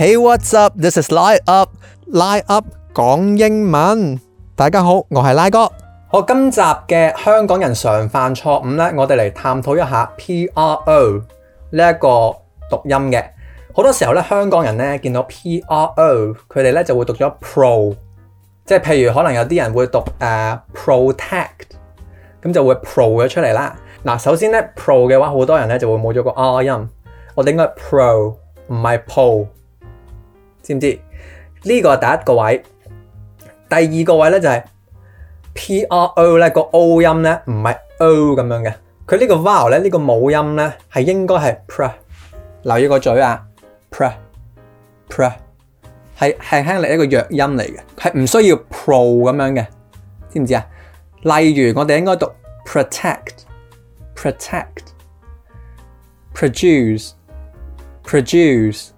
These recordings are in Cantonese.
Hey, what's up? This is Lai UP, Lai UP 講英文。大家好，我係拉哥。我今集嘅香港人常犯錯誤咧，我哋嚟探討一下 pro 呢一個讀音嘅。好多時候咧，香港人咧見到 pro，佢哋咧就會讀咗 pro，即係譬如可能有啲人會讀誒、uh, protect 咁就會 pro 咗出嚟啦。嗱，首先咧 pro 嘅話，好多人咧就會冇咗個 r 音，我哋應該 pro 唔係 pol。知唔知？呢、這個係第一個位，第二個位咧就係、是、pro 咧個 O 音咧，唔係 O 咁樣嘅。佢呢個 vowel 咧，呢、這個母音咧，係應該係 pr。留意個嘴啊，pr，pr，係輕輕力一個弱音嚟嘅，係唔需要 pro 咁樣嘅。知唔知啊？例如我哋應該讀 prot protect，protect，produce，produce。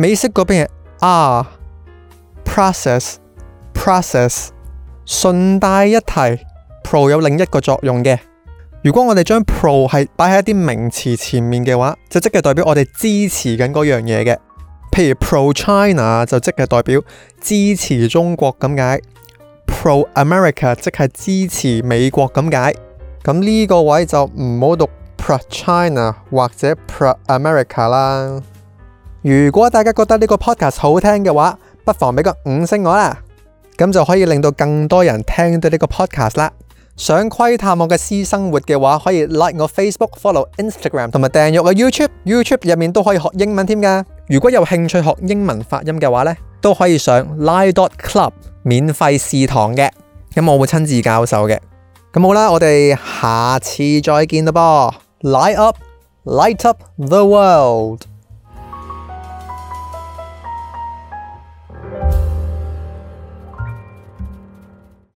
美式嗰邊係 R process process。順帶一提，pro 有另一個作用嘅。如果我哋將 pro 係擺喺一啲名詞前面嘅話，就即係代表我哋支持緊嗰樣嘢嘅。譬如 pro China 就即係代表支持中國咁解，pro America 即係支持美國咁解。咁呢個位就唔好讀 pro China 或者 pro America 啦。如果大家覺得呢個 podcast 好聽嘅話，不妨俾個五星我啦，咁就可以令到更多人聽到呢個 podcast 啦。想窺探我嘅私生活嘅話，可以 like 我 Facebook、follow Instagram 同埋訂閱個 YouTube。YouTube 入面都可以學英文添噶。如果有興趣學英文發音嘅話呢，都可以上 Lai Dot Club 免費試堂嘅，咁我會親自教授嘅。咁好啦，我哋下次再見啦噃。Light up，light up the world。